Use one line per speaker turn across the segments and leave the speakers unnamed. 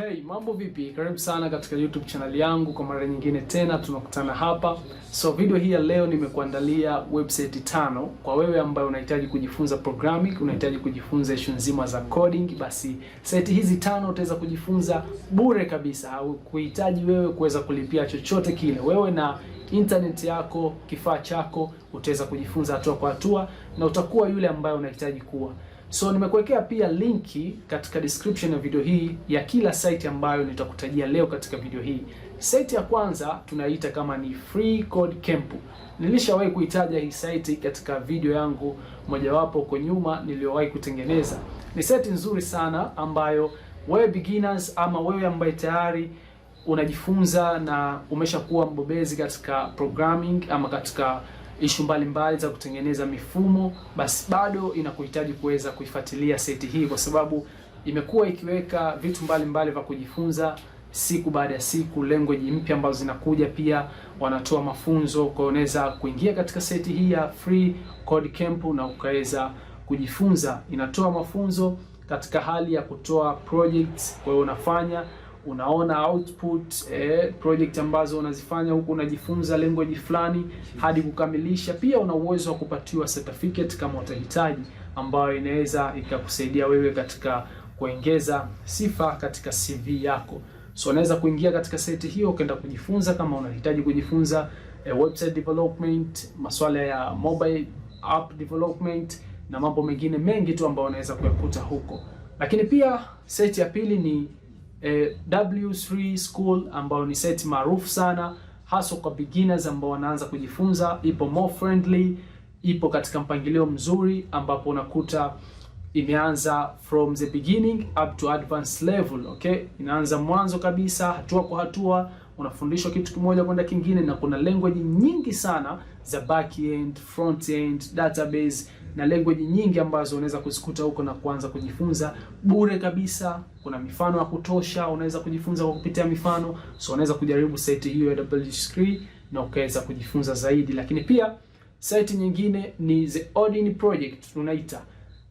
Hey, mambo vipi? Karibu sana katika YouTube channel yangu kwa mara nyingine tena tunakutana hapa. So video hii ya leo nimekuandalia website tano kwa wewe ambaye unahitaji kujifunza programming, unahitaji kujifunza issue nzima za coding, basi site hizi tano utaweza kujifunza bure kabisa, au kuhitaji wewe kuweza kulipia chochote kile. Wewe na internet yako, kifaa chako utaweza kujifunza hatua kwa hatua na utakuwa yule ambaye unahitaji kuwa. So nimekuwekea pia linki katika description ya video hii ya kila site ambayo nitakutajia leo katika video hii. Site ya kwanza tunaiita kama ni Free Code Camp. Nilishawahi kuitaja hii site katika video yangu mojawapo huko nyuma niliyowahi kutengeneza. Ni site nzuri sana ambayo wewe beginners ama wewe ambaye tayari unajifunza na umeshakuwa mbobezi katika programming ama katika ishu mbalimbali za kutengeneza mifumo, basi bado inakuhitaji kuweza kuifuatilia seti hii, kwa sababu imekuwa ikiweka vitu mbalimbali vya kujifunza siku baada ya siku, language mpya ambazo zinakuja. Pia wanatoa mafunzo, kwa unaweza kuingia katika seti hii ya Free Code Camp na ukaweza kujifunza. Inatoa mafunzo katika hali ya kutoa projects, kwa hiyo unafanya unaona output eh, project ambazo unazifanya huku unajifunza language fulani hadi kukamilisha. Pia una uwezo wa kupatiwa certificate kama utahitaji, ambayo inaweza ikakusaidia wewe katika kuongeza sifa katika CV yako. So unaweza kuingia katika site hiyo ukaenda kujifunza kama unahitaji kujifunza eh, website development, masuala ya mobile app development na mambo mengine mengi tu ambayo unaweza kuyakuta huko. Lakini pia site ya pili ni eh, W3 School ambayo ni seti maarufu sana haswa kwa beginners ambao wanaanza kujifunza. Ipo more friendly, ipo katika mpangilio mzuri ambapo unakuta imeanza from the beginning up to advanced level. Okay, inaanza mwanzo kabisa, hatua kwa hatua unafundishwa kitu kimoja kwenda kingine, na kuna language nyingi sana za back end, front end, database na language nyingi ambazo unaweza kuzikuta huko na kuanza kujifunza bure kabisa. Kuna mifano ya kutosha, unaweza kujifunza kwa kupitia mifano, so unaweza kujaribu site hiyo ya WH3 na ukaweza kujifunza zaidi. Lakini pia site nyingine ni The Odin Project tunaita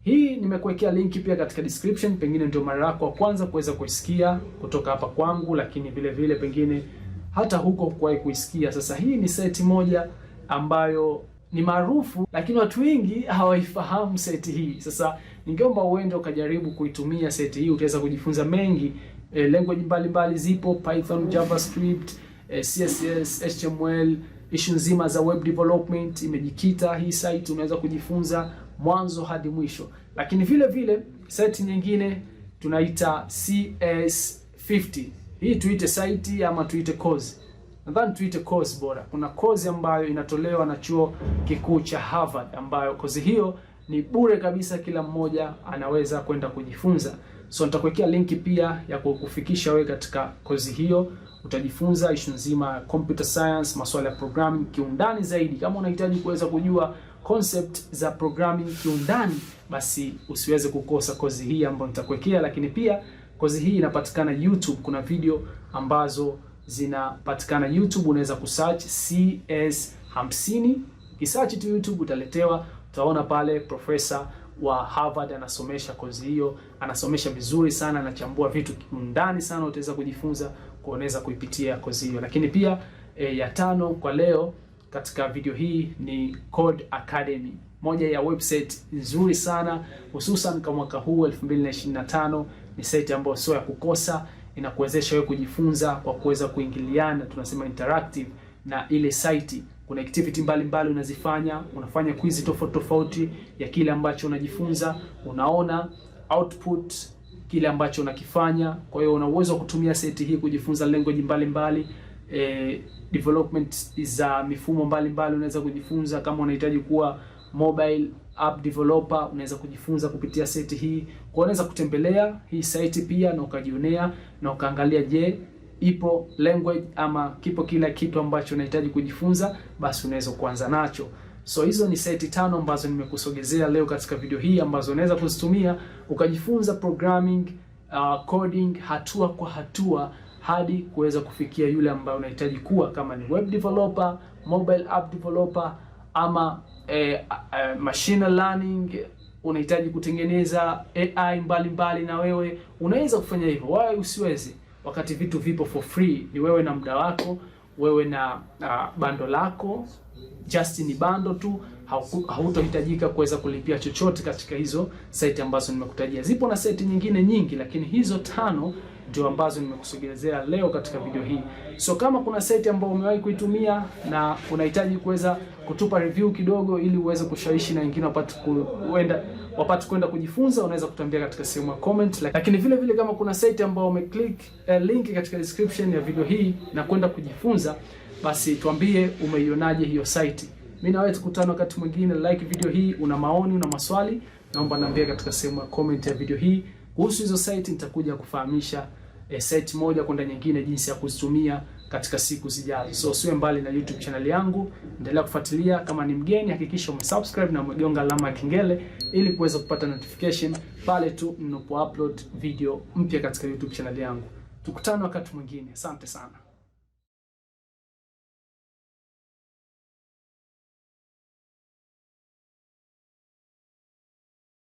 hii, nimekuwekea linki pia katika description. Pengine ndio mara yako ya kwanza kuweza kuisikia kutoka hapa kwangu, lakini vile vile pengine hata huko kuwahi kuisikia. Sasa hii ni site moja ambayo ni maarufu, lakini watu wengi hawaifahamu seti hii. Sasa ningeomba uende ukajaribu kuitumia seti hii, utaweza kujifunza mengi. E, language mbalimbali zipo Python, JavaScript, e, eh, CSS, HTML, ishu nzima za web development imejikita hii site, unaweza kujifunza mwanzo hadi mwisho. Lakini vile vile site nyingine tunaita CS50. Hii tuite site ama tuite course nadhani tuite course bora. Kuna course ambayo inatolewa na chuo kikuu cha Harvard ambayo course hiyo ni bure kabisa, kila mmoja anaweza kwenda kujifunza. So nitakuwekea linki pia ya kukufikisha wewe katika course hiyo. Utajifunza ishu nzima ya computer science, masuala ya programming kiundani zaidi. Kama unahitaji kuweza kujua concept za programming kiundani, basi usiweze kukosa kozi hii ambayo nitakuwekea. Lakini pia kozi hii inapatikana YouTube, kuna video ambazo zinapatikana YouTube, unaweza kusearch CS 50. Ukisearch tu YouTube utaletewa, utaona pale profesa wa Harvard anasomesha kozi hiyo, anasomesha vizuri sana, anachambua vitu ndani sana, utaweza kujifunza kuoneza kuipitia kozi hiyo. Lakini pia e, ya tano kwa leo katika video hii ni Code Academy, moja ya website nzuri sana hususan kwa mwaka huu 2025. Ni site ambayo sio ya kukosa inakuwezesha wewe kujifunza kwa kuweza kuingiliana, tunasema interactive na ile site. Kuna activity mbalimbali unazifanya, unafanya quiz tofauti tofauti ya kile ambacho unajifunza, unaona output kile ambacho unakifanya. Kwa hiyo una uwezo wa kutumia seti hii kujifunza language mbalimbali e, development za mifumo mbalimbali unaweza kujifunza kama unahitaji kuwa mobile app developer, unaweza kujifunza kupitia site hii. Kwa unaweza kutembelea hii site pia na ukajionea na ukaangalia, je, ipo language ama kipo kila kitu ambacho unahitaji kujifunza, basi unaweza kuanza nacho. So hizo ni seti tano ambazo nimekusogezea leo katika video hii ambazo unaweza kuzitumia ukajifunza programming, uh, coding hatua kwa hatua hadi kuweza kufikia yule ambaye unahitaji kuwa, kama ni web developer, mobile app developer ama a, eh, a, eh, machine learning unahitaji kutengeneza AI mbalimbali mbali, na wewe unaweza kufanya hivyo, wawe usiwezi, wakati vitu vipo for free. Ni wewe na muda wako, wewe na uh, bando lako, just ni bando tu, hautohitajika kuweza kulipia chochote katika hizo site ambazo nimekutajia. Zipo na site nyingine nyingi, lakini hizo tano ndio ambazo nimekusogelezea leo katika video hii. So kama kuna site ambayo umewahi kuitumia na unahitaji kuweza kutupa review kidogo, ili uweze kushawishi na wengine wapate kuenda wapate kwenda kujifunza, unaweza kutambia katika sehemu ya comment. Lakini vile vile kama kuna site ambayo umeclick eh, link katika description ya video hii na kwenda kujifunza, basi tuambie umeionaje hiyo site. Mimi na wewe tukutane wakati mwingine. Like video hii, una maoni, una maswali, naomba niambie katika sehemu ya comment ya video hii. Kuhusu hizo site nitakuja kufahamisha e, set moja kwenda nyingine, jinsi ya kuzitumia katika siku zijazo. So usiwe mbali na YouTube channel yangu, endelea kufuatilia. Kama ni mgeni, hakikisha umesubscribe na umegonga alama ya kengele ili kuweza kupata notification pale tu ninapo upload video mpya katika YouTube channel yangu. Tukutane wakati mwingine, asante sana.